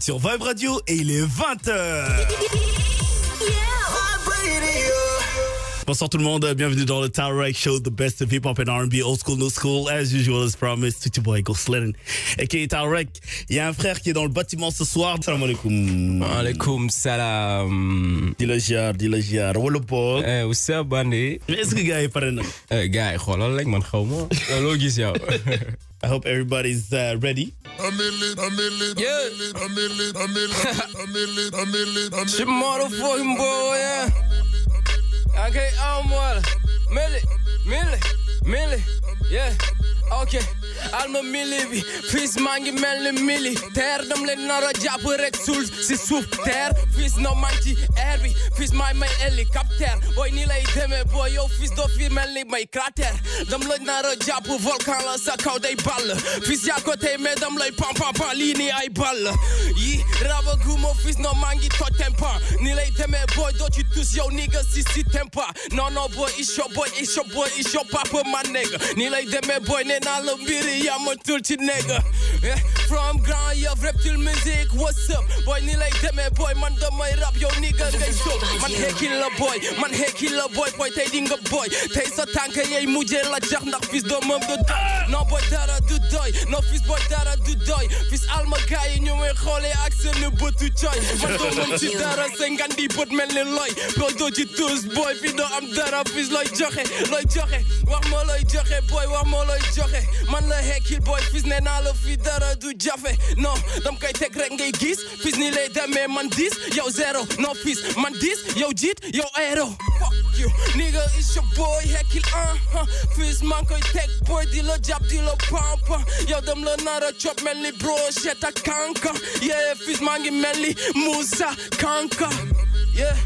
sur Vibe Radio et il est 20h. Bonsoir tout le monde, bienvenue dans le Tower Show, the best of hip-hop and R&B, old school, no school, as usual, as promised, your Boy, Ghost Lennon, a.k.a. Tower Il y a un frère qui est dans le bâtiment ce soir. Salam alaikum. Alaikum salam. Dilajar, dilajar, walopok. Eh, Où up, Bandi? Est-ce que gars est parrain? Eh, gars, xolal lek man xawma. Lo gis I hope everybody's uh, ready. Yeah. yeah. Okay, I'm water. Millie, Millie, Millie, yeah. Okay alma mili bi fils maa ngi mel ni mili terre dam leen nar a jàpp rek suul si suf ter fils no man ci air bi mäi maay may hélicoptère booy nii boy demee booy do fils doo fi mel ni may cratère dam la nar a jàpp volcan la sa kaw day ball fils yaa ko tey mais dam lay pam pam pam lii nii ay yi raba gumo fils no maa ngi toj tempa nii lay demee booy doo ci tus yo nii si si tempa No no boy it's your boy it's your boy it's your papa my nigga nii lay demee boy nee naa la I'm a dirty nigga. Yeah. From ground, you reptile music, what's up? Boy, ni like them, eh, boy, man, do my rap, yo nigga, ngay so. Man, hey killer boy, man, hey killer boy, boy, tay dinga boy. Tay sa tanke, eh, yay muje la jack, nak fis do mum do doy. No boy, dara do doy, no fis boy, dara do doy. Fis alma guy, nyo me eh, khole, axe ne botu joy. Man, do mum chi dara, sengandi, bot men le loy. Bro, do chi tools, boy, fido am dara, fis loy joche, loy joche. Wak mo loy joche, boy, wak mo loy joche. Man, la hek il boy fils ne naa la du jafe No, dam koy teg rek ngay gis fils ni lay demee man 10 yo zéro no fils man 10 yo jiit yo aéro fuck you nigga is your boy hek il uh uh-huh. fils man koy teg boy di lo jàpp di la pampa uh. Yo dam lo nara chop mel ni brochette kanka yeah fils man, ngi mel ni kanka yeah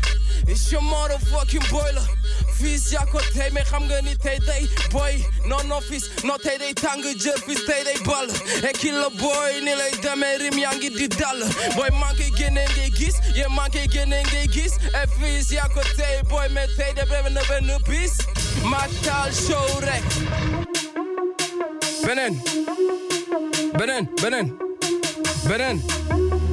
it's your motherfucking boiler. Fizz ja kot me gaan ge niet day boy. Non office, not hey day tango jerk is hey day ball. Hey killer boy, ni lay da me rim yangi di dollar. Boy monkey ke gen en gis, ye monkey ke gen en ge gis. Hey boy me hey de breven de ben nu bis. Matal show rek. Benen. Benen, benen. Beren.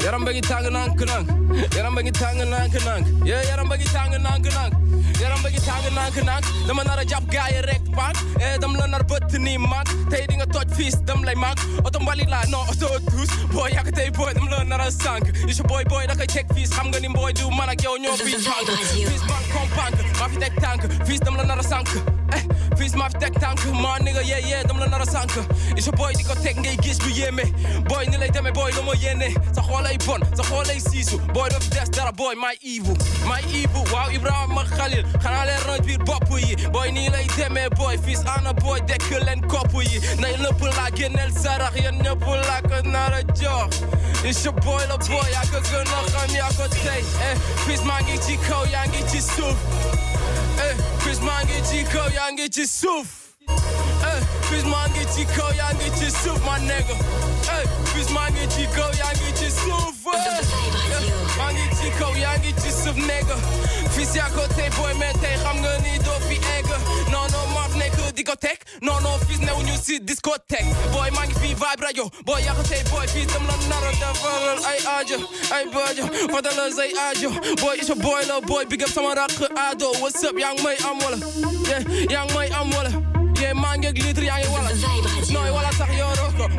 Yaram bagi tangan ang kenang. Yaram bagi tangan ang kenang. Ya yaram bagi tangan ang kenang. Yaram bagi tangan ang kenang. Dam nara jab gaya rek pak. Eh dam la nar bet ni mak. Tay dinga touch fist, dam lai mak. Otom bali la no so dus. Boy yak tay boy dam la nara sank. Is your boy boy da kai check fis. Ham ganim boy do manak yo nyo fis punk. Fis punk kom punk. Mafi tek tank. Fis dam la nara sank. Ay, face my tech tank, my nigga, yeah, yeah, dom naar de sank. Is je boy, nigga, take me, gis bij yeah, me. Boy, nila deme, boy, no more yene. Sa hola i bon, sa hola i sisu. Boy, of death, that a boy, my evil. My evil, wow, Ibrahim Khalil. Gaan alle rond weer boppen je. Boy, nila i deme, boy, face aan een boy, dekkel en koppen je. Na je luppen laag, je nel sarag, je nuppel laag, naar de jog. Is je boy, the boy, ik kan genoeg knock jou, ik kan could say, eh. Face my ngichi ko, yang ngichi soup. I'm Hey, bizmange get you soof, my nigga. Hey, eh, Hey. Eh risico, janketjes of nigger. Fysiako te boy met te gaan geniet of wie egger. No, no, maf nigger, discotheek. No, no, vies nou nieuw zie discotheek. Boy, man, ik wie vibe radio. Boy, ja, te boy, vies hem lang naar de verrel. Ai, ajo, ai, bajo, wat dan is ai, Boy, is je boy, no boy, big up, samen ado. What's up, young, my, I'm Yeah, young, my, I'm Yeah, man, get glitter, yeah, you wala No, you wanna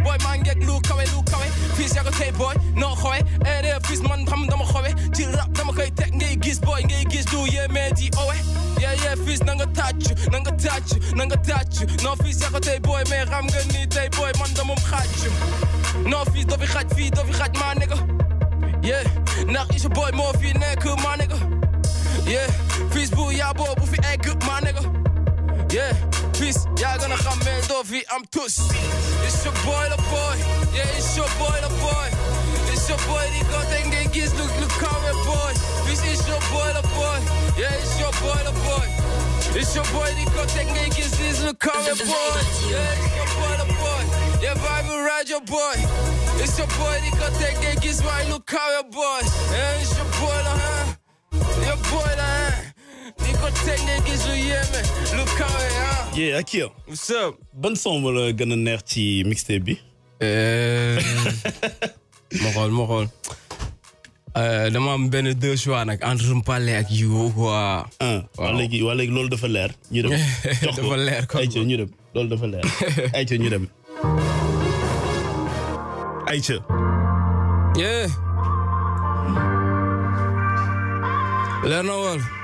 Boy, man, get look lu look away. Peace, yeah, boy. No, hoy. Ere eh, man, tam dama, hoy. Chill rap, dama, kay, tek gay, gis, boy, gay, gis, do, yeah, man, di, oh, Yeah, yeah, fish, nanga touch, nanga touch, nanga touch. No, fish, yeah, okay, boy, Me ram, get niet, hey, boy, man, dama, gaat No, fish, dovi, gaat, fish, dovi, gaat, ma nigga. Yeah, nach is a boy, more, fi, neck, man, nigga. Yeah, fish, boo, yeah, boy, fi egg, ma nigga. Yeah. vies. Jij gaan met Dovi, I'm toes. It's your boy, the boy. Yeah, it's your boy, the boy. It's your boy, die got en geen kies. Look, look, come boy. Vies is your boy, the boy. Yeah, it's your boy, the boy. It's your boy, die got en geen kies. This look, come boy. Yeah, it's your boy, the boy. Yeah, vibe and ride your boy. It's your boy, die got en geen kies. Why look, come boy. Yeah, it's your boy, the huh? Your boy, the Yeah, Akio. What's up? Bonne son wil gëna neex ci mixtape bi? Euh eh, Mo xool mo xool. Eh, dama am benn deux choix nag entre Mpale ak Yigo quoi. ah waaw léegi waaw léegi loolu dafa leer. ñu dem jox ko dafa leer quoi ayca ñu dem loolu dafa ñu dem. yeah. leer na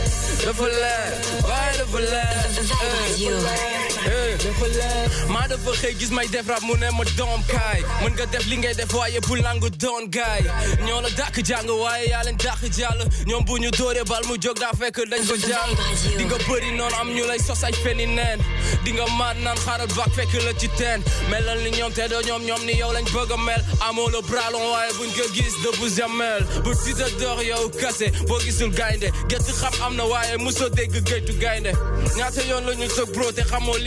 the for life, ride Eh. ma dafa xëy gis may def rap mu ne ma doom kaay mën nga def li ngay def waaye bu langu doon gaay ñoo la dàq jàng waaye yaa leen dàq jàll ñoom bu ñu dóoree bal mu jóg daa fekk dañ ko jàng di nga bëri noonu am ñu lay sos ay feni neen di nga maat naan xaaral baak fekk la ci teen melal ni ñoom te doo ñoom ñoom ni yow lañ bëgg a mel amoo le bralon waaye buñ ko gis de bu jamel bu sita doox yow kase boo gisul gaynde gett xam am na waaye mosoo dégg gëytu gaynde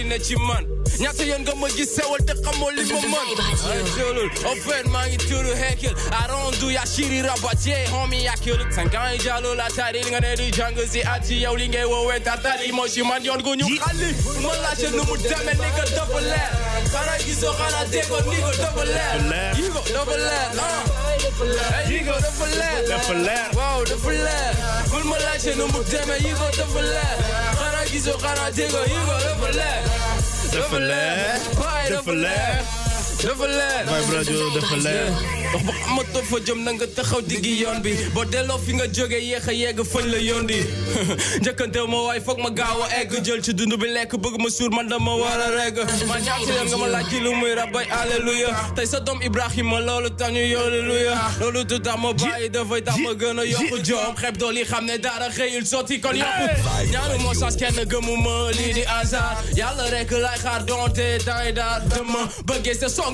li ne ci man ñaata yoon nga ma gis sewal te xamoo li ma mën ay jëlul au ngi tudd Hekil arondu ya shiri rabatie homie ya kill sankan jalo la tari nga ne di jàng si at yow li ngay woowee tatari moo ci man yoon gu ñu xali ma laajte nu mu demee ni ko dafa leer xanaa gisoo xanaa déggoo ni ko dafa leer uh. yi ko dafa leer ah yi ko dafa leer dafa leer waaw dafa leer bul ma laajte nu mu demee yi ko dafa leer qui se la dégo, le voler. Le Le dafa leer vibe radio dafa leer wax bu amatoo fa jëm na nga taxaw diggi yoon bi boo delloo fi nga jóge yéex a yegg fañ la yoon di njëkkante ma waaye foog ma gaaw a egg jël ci dund bi lekk bëgg ma suur man dama war a regg ma ñaati leen nga ma laaj ci lu muy rabay alléluia tey sa doom Ibrahima loolu tax ñu yolleluya loolu du tax ma bàyyi dafay tax ma gën a yokku joom xeeb dool yi xam ne dara xëyul sotti kon yokku ñaanu moo sas kenn gëmuma lii di hasard yàlla rek lay xaar donte temps yi daal dama bëggee sa song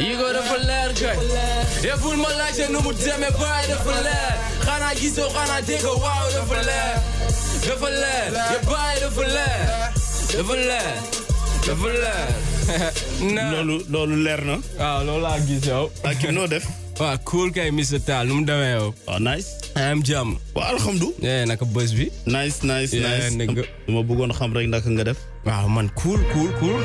yigo dafa leer kay yëful ma laajte nu mu demee baay dafa leer xanaa gisoo xanaa déggoo waaw dafa leer dafa leer ya baay dafa leer dafa leer dafa leer loolu loolu leer na waaw ah, loolu laa gis yow ak ah, noo def waaw ah, cool kay Mister Tall nu mu demee yow waaw nice am jàmm waaw alhamdulilah naka bës bi nice nice nice ma bëggoon xam rek naka nga def waaw man cool cool cool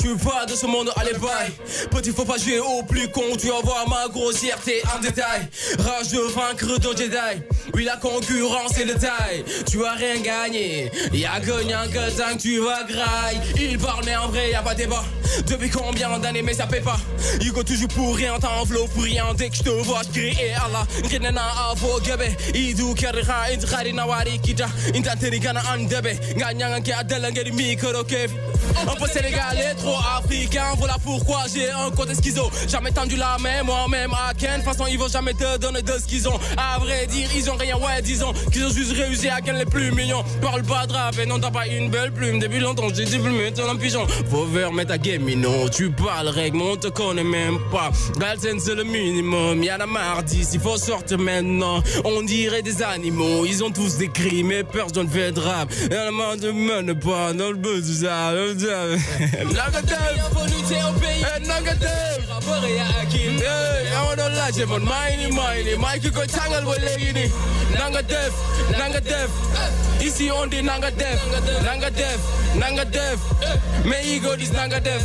Je vas pas de ce monde, allez bye Petit faut pas jouer au plus con Tu vas voir ma grossièreté en détail Rage de vaincre d'un Jedi Oui la concurrence est le taille Tu as rien gagner Y'a gagnant que tant que tu vas graille Il parle mais en vrai y'a pas débat Depuis combien d'années mais ça paie pas Hugo toujours pour rien flow pour rien Dès que je te vois je crie et eh, Allah Rinana avo gebe Idu kerha intihari nawari kita Intanteri gana andebe Gagnant qui a de l'anguille micro kev On peut sénégalais trop africain voilà pourquoi j'ai un côté schizo. Jamais tendu la main, moi-même à Ken. De toute façon, ils vont jamais te donner de ce qu'ils ont. À vrai dire, ils ont rien, ouais, disons qu'ils ont juste réussi à Ken les plus mignons. Parle pas de rap et non, t'as pas une belle plume. Depuis longtemps, j'ai dit plume, t'es un pigeon. Faut vers mettre ta game, non, tu parles règle, on te connaît même pas. Galsen, c'est le minimum. y'a la mardi, s'il faut sortir maintenant. On dirait des animaux, ils ont tous des crimes et personne le de rap. Y'a la main de me pas, dans le buzz, def ñu teew pays nanga def rabore ya akim yow doon laajte man maa ngi nii maa ngi nii maa ngi ko tàngal ba léegi nii nanga def nanga def ici on dit nanga def nanga def nanga def mais yi go dis nanga def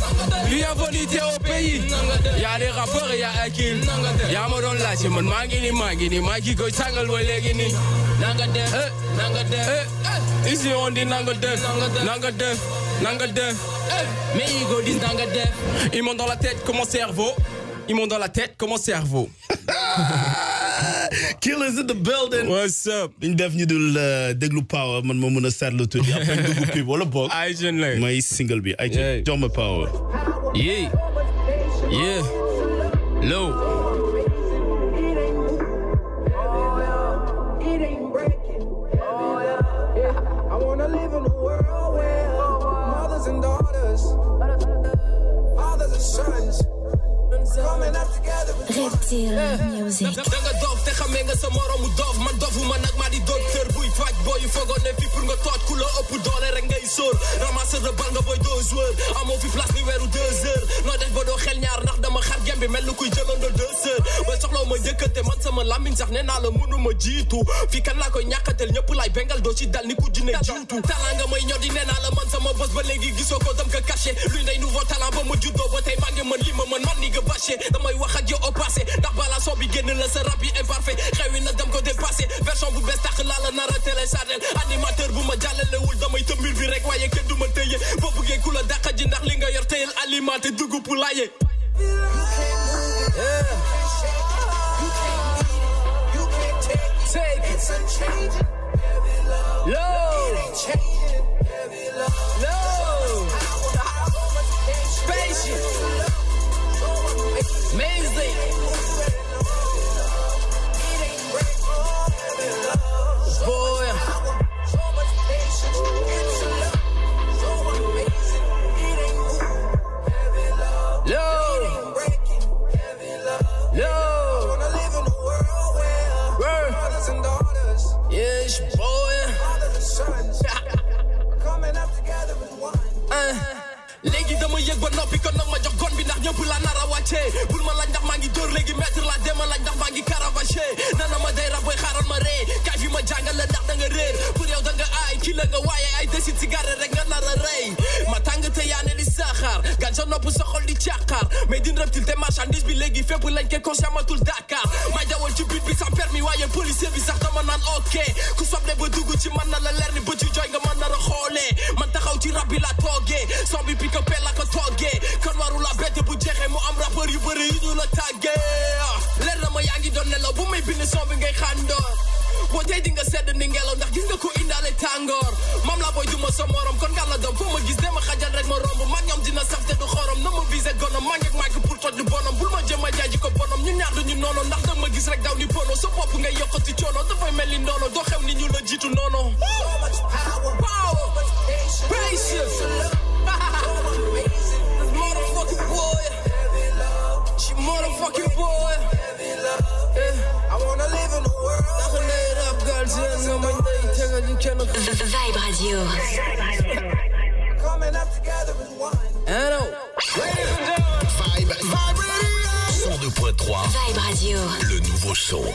bienvenue teew pays yaa di rabore ya akim yaa ma doon laajte man maa ngi nii maa ngi nii maa ngi ko tàngal ba léegi nii nanga def nanga def ici on dit nanga def nanga def nanga def Mais il Ils m'ont dans la tête comme mon cerveau. Ils m'ont dans la tête comme mon cerveau. Killers in the building. What's up? ñu de ñu dul déglu Power man ma mën a le tout. après dugub bi wala boog. My single be. ay jeune Power. yeah yeah low. music. da nga doof te xamee nga sa moromu ma man doofu ma nag maa di docteur buy faj booy yu fogoon ne fii pour nga tooj ku la ëpp doole rek ngay sóor ramasseur de bal nga booy deux joueurs amoo fi place ni weeru deux heures noo def doo xel ñaar ndax dama xar gem mel mel ni kuy jëlandoo deux heures booy soxla ma njëkkante man sama làmmiñ sax nee naa la mënuma jiitu fii kan laa koy ñàkkatel ñëpp laay bengal doo ci dal ni ku jinne jiitu talent nga may ñor di nee naa la man sama bos ba léegi gisoo ko dam ka caché luy ndey ma juddoo ba tey ni nga bâché wax ak yow pop yi génn la sa rap yi imparfait xewi na dem ko dépassé version bu bees tax laa la nar a téléchargé animateur bu ma jàllalewul damay tëmbir bi rek waaye kenn du ma tëye boo buggee ku la dàqa ji ndax li nga yor teyel alimenté dugub bu laaye Take it. It's a change. ba noppi kon nag ma jox bi ndax la nar a wàcce bul ma laaj ndax maa ngi dóor léegi maître la ndax ngi nana ma day raboy xaaral ma ree kaay fi ma jàngal la ndax da nga pour yow da nga aay ci la nga waaye ay cigare rek a ma tàng te ne li gan sa nopp sa xol di mais din reptile te marchandise bi léegi fépp lañ Dakar ci but bi sans permis waaye policier bi sax dama naan ok ku soble ba dugg ci man na la nga a rabbi la toogee son bi pick up la ko toogee kon waru la bette bu jeexee mu am rappeur yu bëri yu la tàggee leer ma yaa ngi doon bu may bind son bi ngay xàndoor boo tey di nga sedd ni ngelaw ndax gis nga ko indaale tàngoor maam la booy duma sa morom kon nga la doom foo gis dama xajal rek ma romb man ñoom dina saf te du xorom na ma visé gonom maa ak màgg pour toj lu bonom bul ma jëm a ko bonom ñu ñaar duñu noono ndax da gis rek daw ni pono sa bopp ngay yokkati coono dafay mel ni noono doo xew ni ñu la jiitu noono spaceships. this motherfucking boy. She motherfucking boy. Yeah. I wanna live in the world. Light up, girl. Tell me my name. Tell her you can't. Vibe Radio. Coming up together as one. Hello. Ladies and gentlemen. Vibe. Vibe Radio. 102.3. Vibe Radio. Le nouveau son.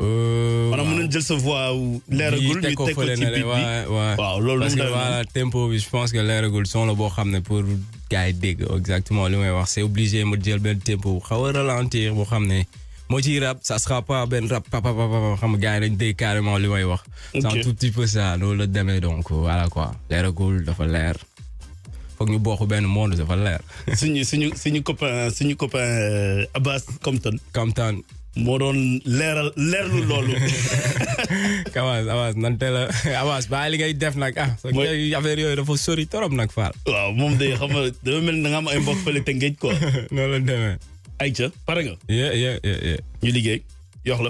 Euh, On mën jël sa voix ou parce que voilà tempo je pense que les son la bo xamné pour exactement c'est obligé de jël tempo xaw ralentir Je rap ça sera pas ben rap papa papa xam carrément c'est un tout petit peu ça loolu démé donc voilà quoi leeragul dafa que nous ñu bien monde suñu suñu suñu copain copain euh, Abbas Compton Compton moo doon leeral leerlu loolu. avance avance nan teel a avance bàyyi li ngay def nag ah. mooy affaire yooyu dafa sori torop nag waaw moom de xam nga mel ni am ay mbokk fële te ngéej noonu la demee. ayca pare nga. ye ye ye ñu liggéey yox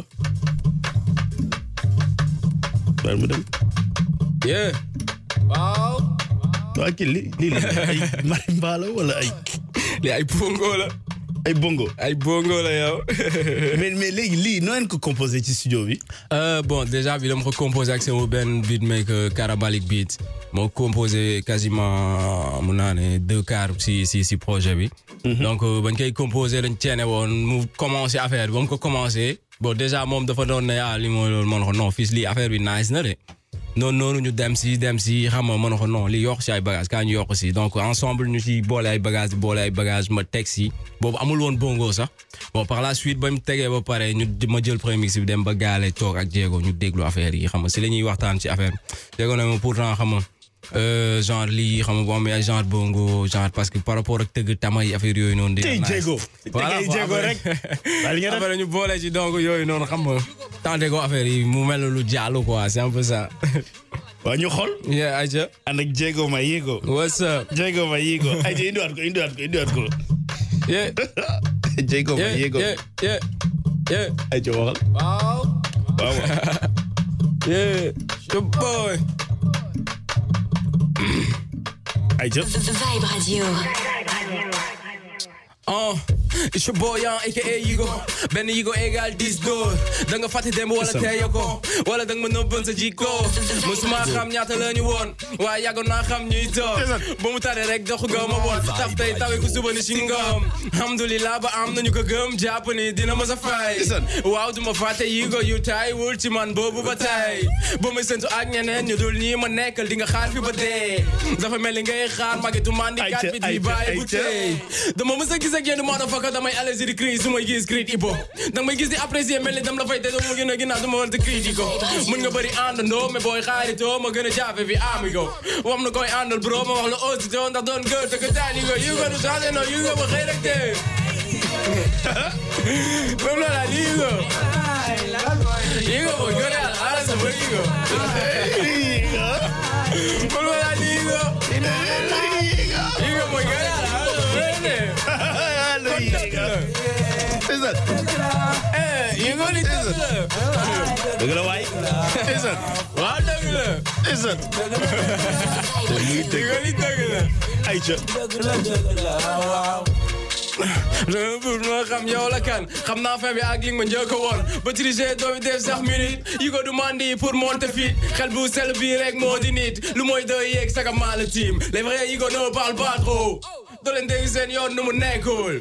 ye waaw. waa kii lii lii la ay wala ay. lii ay pongo la. ay bongo ay bongo la yow. mais mais léegi lii noo leen ko composé ci studio bi. Euh, bon déjà bi dama ko composé ak sama benn beatmaker Karabalik beat moo composé quasiment mun naa ne deux quarts si si si projet bi. Mhm. donc euh, bañ koy composé dañ ceene woon mu commencé affaire bi mu ko commencé bon déjà moom dafa doon ne ah li moo loolu man non fii lii affaire bi nice na de. Non non ñu dem ci dem ci xam non li ay bagage donc ensemble ñu ci boole ay bagage bagage ma taxi. amul bongo sax bon par la suite ba tégué ba pareil ñu ma jël premier mix dem ba Diego ñu déglu affaire yi xam waxtaan ci affaire Diego na ma pourtant xam nga euh, genre li xam nga genre bongo genre parce que par rapport ak tamay affaire di rek. ñu ci donc xam tant de ko affaire yi mu mel lu jàllu quoi c'est un peu ça. waa ñu xool. yeah ayca. ànd ak jéego ma yéego. what's up. jéego ma yéego. ayca indiwaat ko indiwaat ko indiwaat ko. yeah. jéego ma yéego. yeah yeah yeah. ayca waxal. waaw. waaw. yeah. good boy. ayca. Vibe Radio. oh. it's your boy Young aka Yigo benn Yigo égal dix door da nga fàtte dem wala tey ko wala da nga ma nëbboon sa jikko musuma xam ñaata la ñu woon waaye yàggoon naa xam ñuy toog ba mu tare rek doxu gaw ma woon taf tey tawe ku suba ni si ngam alhamdulilah ba am nañu ko gëm jàpp ni dina ma sa fay waaw duma fàtte Yigo yu tay wul ci man boobu ba tay ba may sentu ak ñeneen ñu dul ñi ma nekkal di nga xaar fi ba dee dafa mel ni ngay xaar magi du mandi kat bi di bàyyi bu tey dama mës a gis ak yéen ka damay is de crise su may gis critico damay gis di apprécier mel ni dam la fay te dama gën a ginnaaw dama war di critico mën nga bëri àndandoo mais booy xaaritoo ma gën a fi amigo wax na koy àndal bro ma wax la aussitôt ndax doon gër te ko taani go yu ko du you no yu ko ma xëy rek digo. porque pues ahora se fue digo. la Is het? Eh, je gaat niet dubbelen. Dubbelen wij? Is het? Waar dubbelen? Is het? Je gaat niet dubbelen. Eitje. Kam la kan, kam na fam ya agling man joko won. Batri ze do we def sax minute. You go do mandi pour monter fit. Xel bu sel bi rek mo di nit. Lu moy do yek sa kam mala team. Les vrais you go no parle pas trop. Do len de sen yo nu mu nekul.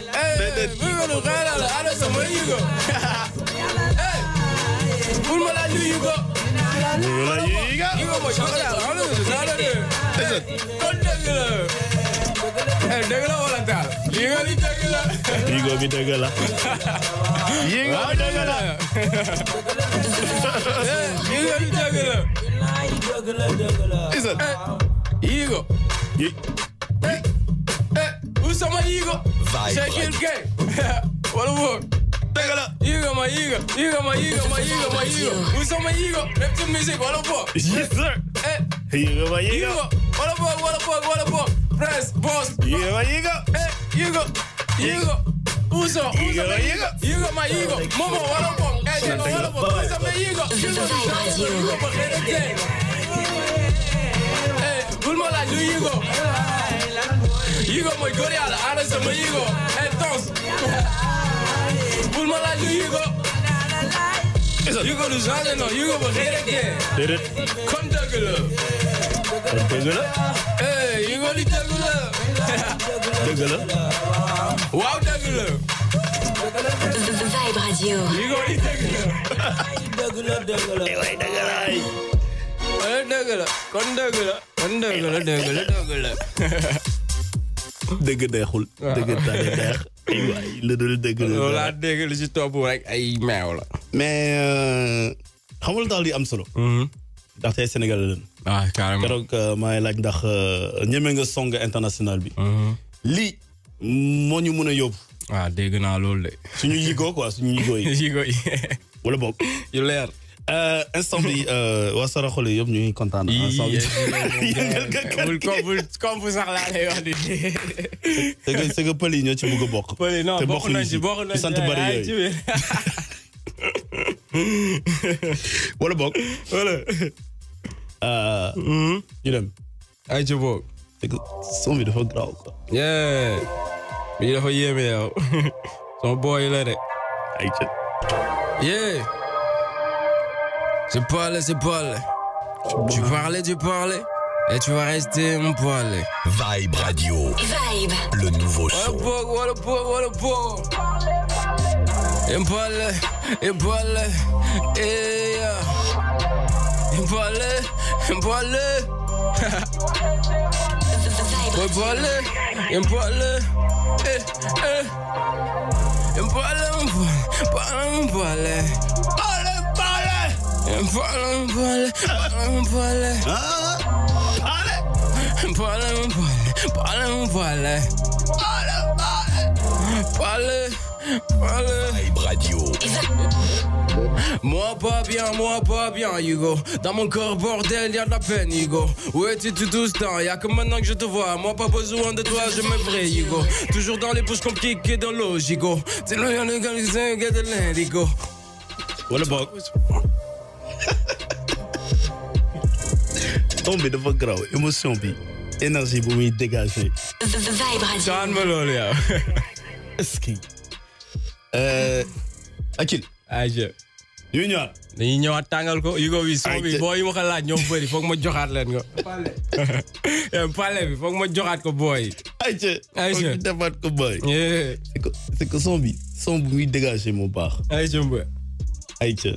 Hey, we're g o e n a ride out o e a d d e s o n Where you go? hey, where w i e l I do you go? Where will I do you go? h o u go, my e h o c o l a t e I don't know. It's not there. l i s h e n Don't take it. Hey, take it all the time. You go, y o e take it. You go, y o e take it. You go, y o e take it. You go, y o e take it. l i s h e n Hey, you go. sama ego. Shake gay. What a work. Ego, my ego, ego, my ego, my ego, my ego. Who's on my ego? Rap the music, what a fuck. Yes, sir. Hey. Eh. Ego, my ego. What a fuck, what a fuck, what a fuck. Press, boss. Ego, my ego. Hey, ego, ego. Uso, uso my ego. Ego, my ego. Momo, what a fuck. Hey, ego, what a fuck. Uso my ego. Ego, my ego. Ego, my ego. Hey, Gulmola, do you go? Llegó muy coreana, ahora se me llegó. Entonces, pulmón la llegó. Hugo Luzanne, no, Hugo Begereke. Kom Duggelum. Duggelum? Hey, Hugo niet Duggelum. Duggelum? Wauw Duggelum. Vibe Radio. Hugo niet Duggelum. Duggelum, Duggelum. Hey, Duggelum. Duggelum, kon Duggelum. Kon Duggelum, Duggelum, Duggelum. Degedegul. Degedegul. Little degedegul. La degedegul is top hoor. Ai meulen. Maar gaan we het die Amsterdam. Mm dacht hij Senegal doen. Ah, karma. Ik ook maar like dag eh, song internationaal bi. Mhm. Li monyu muna job. Ah, degedegul lol. Sunyu yigo kwa sunyu yigo. Eh. Yigo. Wala bok. Je ensemble was er gewoon op nu in contact ensemble kom voor zag laat hij zeg zeg Pauline je moet gebok Pauline nou bok nou eh, mhm. je bok te barrière wat een bok wat een jullie uit je bok ik stond weer voor grauw yeah ben je er jou zo'n boy let it uit yeah C'est poil, c'est poil. Tu parlais, tu parlais. Et tu vas rester mon poil. Vibe Radio. Vibe. Le nouveau show. Un poil, et poil, et. Eh. Poil, Poil, poil, poil, eh, eh. poil. Parle, parle, parle. Ah, parle. Parle, parle, parle, parle. parle. Parle. Moi pas bien, moi pas bien, Hugo. Dans mon corps, bordel, y'a de la peine, Hugo. Où étais-tu tout ce temps a que maintenant que je te vois. Moi pas besoin de toi, je me vrai, Hugo. Toujours dans les bouches compliquées dans l'eau, Hugo. C'est le gars What about? tomb bi dafa graw émotion bi énergie bu muy dégager. vibe radio. soo ma loolu yow. est-ce euh, Akil. aje ñu ñëwaat. dañuy ñëwaat tàngal ko Hugo wi soo bi boo yi ma ko laaj ñoom bëri foog ma joxaat leen ko. pale eh, bi foog ma joxaat ko booy. ayca ayca foog defaat ko booy. Eh. c'est que c'est que son bi son bu muy dégager moo baax. ayca mba. ayca.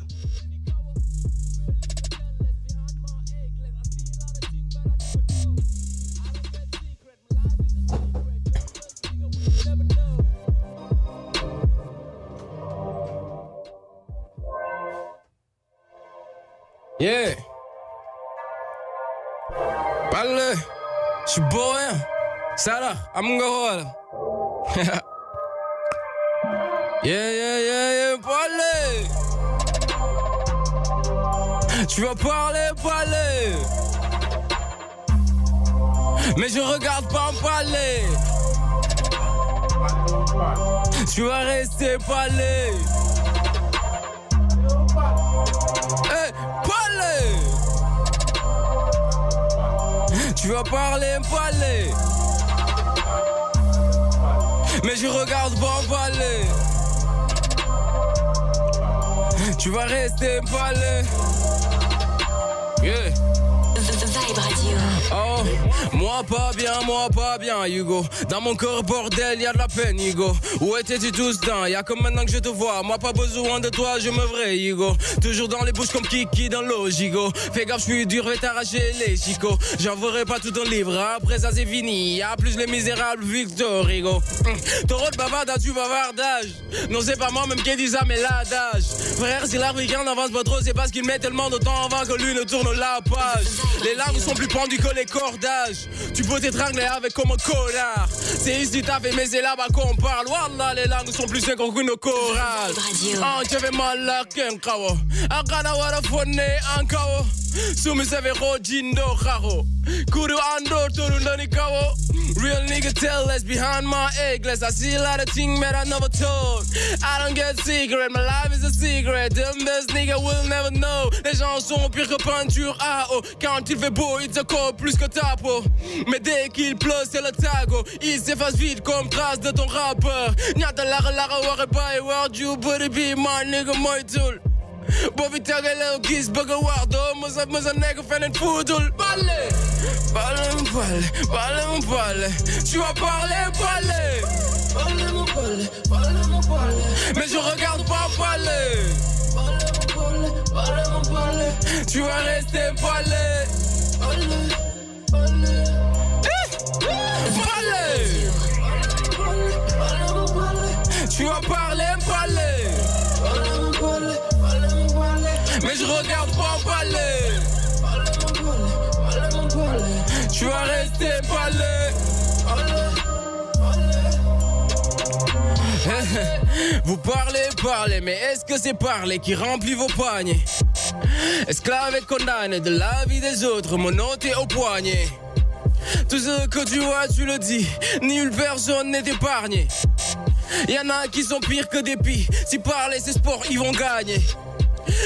Tu suis Ça Sarah, I'm mon gars. Yeah, yeah, yeah, yeah, parler. Tu vas parler, parler. Mais je regarde pas en parler. Tu vas rester parler. Hey, eh, parler. Tu vas parler, parler. Mais je regarde palais Tu vas rester palais. Yeah. Oh, moi pas bien, moi pas bien, Hugo. Dans mon corps, bordel, y a de la peine, Hugo. Où étais-tu tous dans Y'a comme maintenant que je te vois. Moi pas besoin de toi, je me vrai, Hugo. Toujours dans les bouches comme Kiki dans l'eau, Hugo. Fais gaffe, je suis dur, vais t'arracher les chicots. J'enverrai pas tout ton livre, après ça c'est fini. Y'a plus les misérables, Victor Hugo. Mmh. babada tu bavardage, du bavardage. Non, c'est pas moi, même qui dis ça, mais l'adage. Frère, si l'Africain n'avance pas trop, c'est parce qu'il met tellement de temps avant que lui ne tourne la page. Les langues sont plus pendues que les cordages. Tu peux t'étrangler avec comme un connard. C'est ici t'as fait mes là-bas qu'on parle. Wallah, les langues sont plus que qu'une chorale. Oh, ah, je vais mal la kawa. Akana fonne en kawa raro kudu ando kawo real nigga tell behind my eggless i see a lot of things that i never told i don't get secret my life is a secret them best nigga will never know les gens sont pire que peinture ah oh quand il fait beau a encore plus que ta peau mais dès qu'il pleut c'est le tago il s'efface vite comme trace de ton rappeur nyata la la la la World you be my nigga my tool on Wardo fan Balle, balle balle, balle balle Tu vas parler balle Balle mon balle, balle Mais je regarde pas balle Balle balle, balle balle Tu vas rester balle Balle, balle Balle Tu vas parler Regarde regardes pas parler. Tu vas rester parler. Vous parlez, parlez, mais est-ce que c'est parler qui remplit vos poignets Esclave et condamné de la vie des autres, mon nom est au poignet. Tout ce que tu vois, tu le dis, nulle personne n'est épargnée. y en a qui sont pires que des pis, si parler c'est sport, ils vont gagner.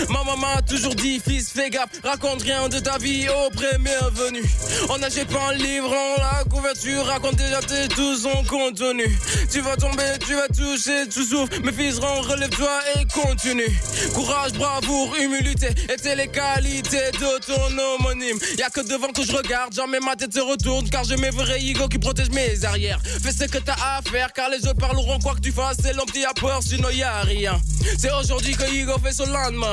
Ma maman a toujours dit fils fais gaffe, raconte rien de ta vie au premier venu. On n'achète pas un livre, En la couverture, raconte déjà tes douze En contenu. Tu vas tomber, tu vas toucher, tu souffres, mes fils rend, relève-toi et continue. Courage, bravoure, humilité, Et t'es les qualités de ton homonyme. Y'a que devant que je regarde, jamais ma tête se retourne, car je mes vrais ego qui protège mes arrières. Fais ce que t'as à faire, car les autres parleront quoi que tu fasses, c'est l'homme qui a peur, sinon y a rien. C'est aujourd'hui que Hugo fait son lendemain.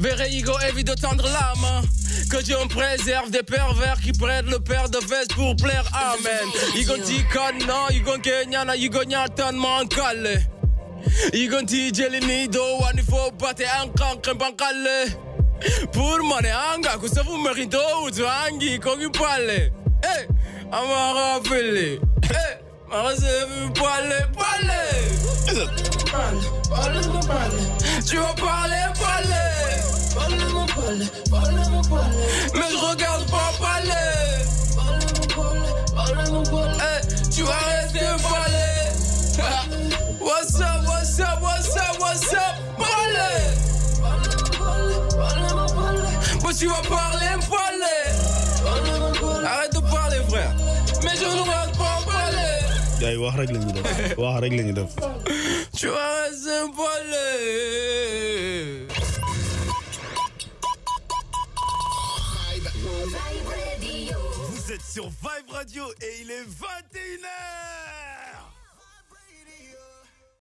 Verrez Igo évite de tendre main, Que Dieu me préserve des pervers qui prennent le père de veste pour plaire. Amen. Igo dit kana, Igo kenyana, nyatan mankale. nido ti jelini do battre un ankan kalle, Pour mane anga kusafu angi parle. Eh, Eh. Réserve parler, parler. Parle-moi, parle. Tu vas parler, parler. Parle-moi, parle. mon parle parle moi parle. Mais je regarde pas parler. Parle-moi, parle. Parle-moi, eh, Hey, tu vas rester parler. What's up, what's up, what's up, what's up, parler. Parle-moi, parle. mon bah, parler, parle moi tu vas parler, parler. D'ailleurs, wax rek la ñu def wax rek lañu def. tu as un volet. Vous êtes sur Vibe Radio et il est 21h.